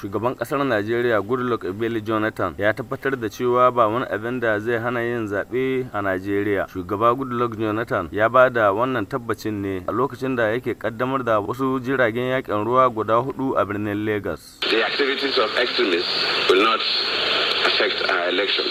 shugaban kasar najeriya goodluck ebele jonathan ya tabbatar da cewa ba wani abin da zai hana yin zaɓe a najeriya shugaba goodluck jonathan ya ba da wannan tabbacin ne a lokacin da yake kaddamar da wasu jiragen yakin ruwa guda hudu a birnin lagos the activities of extremists will not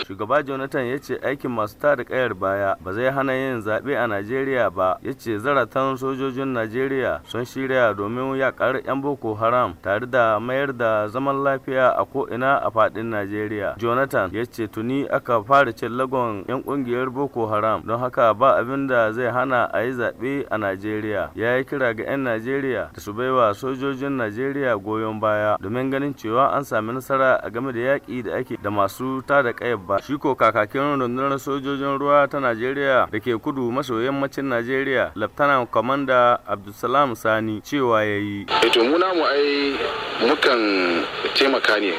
Shugaba Jonathan ya ce aikin masu tada kayar baya ba zai hana yin zaɓe a Najeriya ba ya ce zaratan sojojin Najeriya sun shirya domin yakar 'yan Boko Haram tare da mayar da zaman lafiya a ko'ina a faɗin Najeriya. Jonathan ya ce tuni aka fara cin lagon 'yan ƙungiyar Boko Haram don haka ba abin da zai hana a yi zaɓe a Najeriya. Ya yi kira ga 'yan Najeriya da su baiwa sojojin Najeriya goyon baya domin ganin cewa an sami nasara a game da yaƙi da ake da masu masu tada kayan ba shi ko kakakin rundunar sojojin ruwa ta Najeriya da ke kudu maso yammacin Najeriya Laftanan Kwamanda Abdulsalam Sani cewa ya yi. Eto eh mu namu ai mukan taimaka ne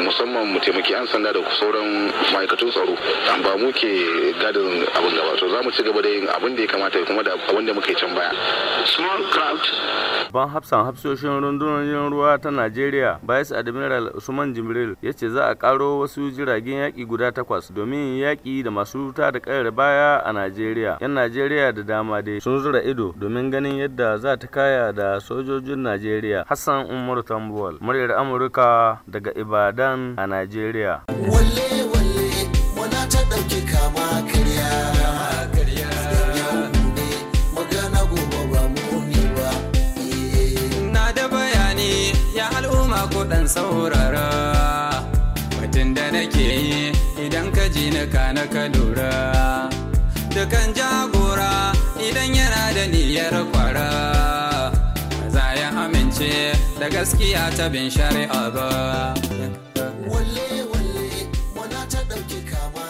musamman mu taimaki an sanda da sauran ma'aikatun tsaro ba mu ke gadin abin gaba to za mu ci gaba da yin abin da ya kamata kuma da abin da muka can baya small crowd ban hafsan hafsoshin rundunar ruwa ta najeriya vice admiral usman jimril ya ce za a karo wasu jiragen yaƙi guda takwas domin yaƙi da masu wuta da ƙayar baya a Najeriya. 'Yan Najeriya da dama dai sun zura ido domin ganin yadda za ta kaya da sojojin Najeriya. Hassan umaru Tambuwal, muryar Amurka daga Ibadan a Najeriya. Walle walle, wana ta ɗauki kama karya. saurara idan ka ji na kana ka lura dukan jagora idan yana da niyyar kwara za ya amince da gaskiya ta bin shari'a ba Wale-wale wala ta ɗauki kama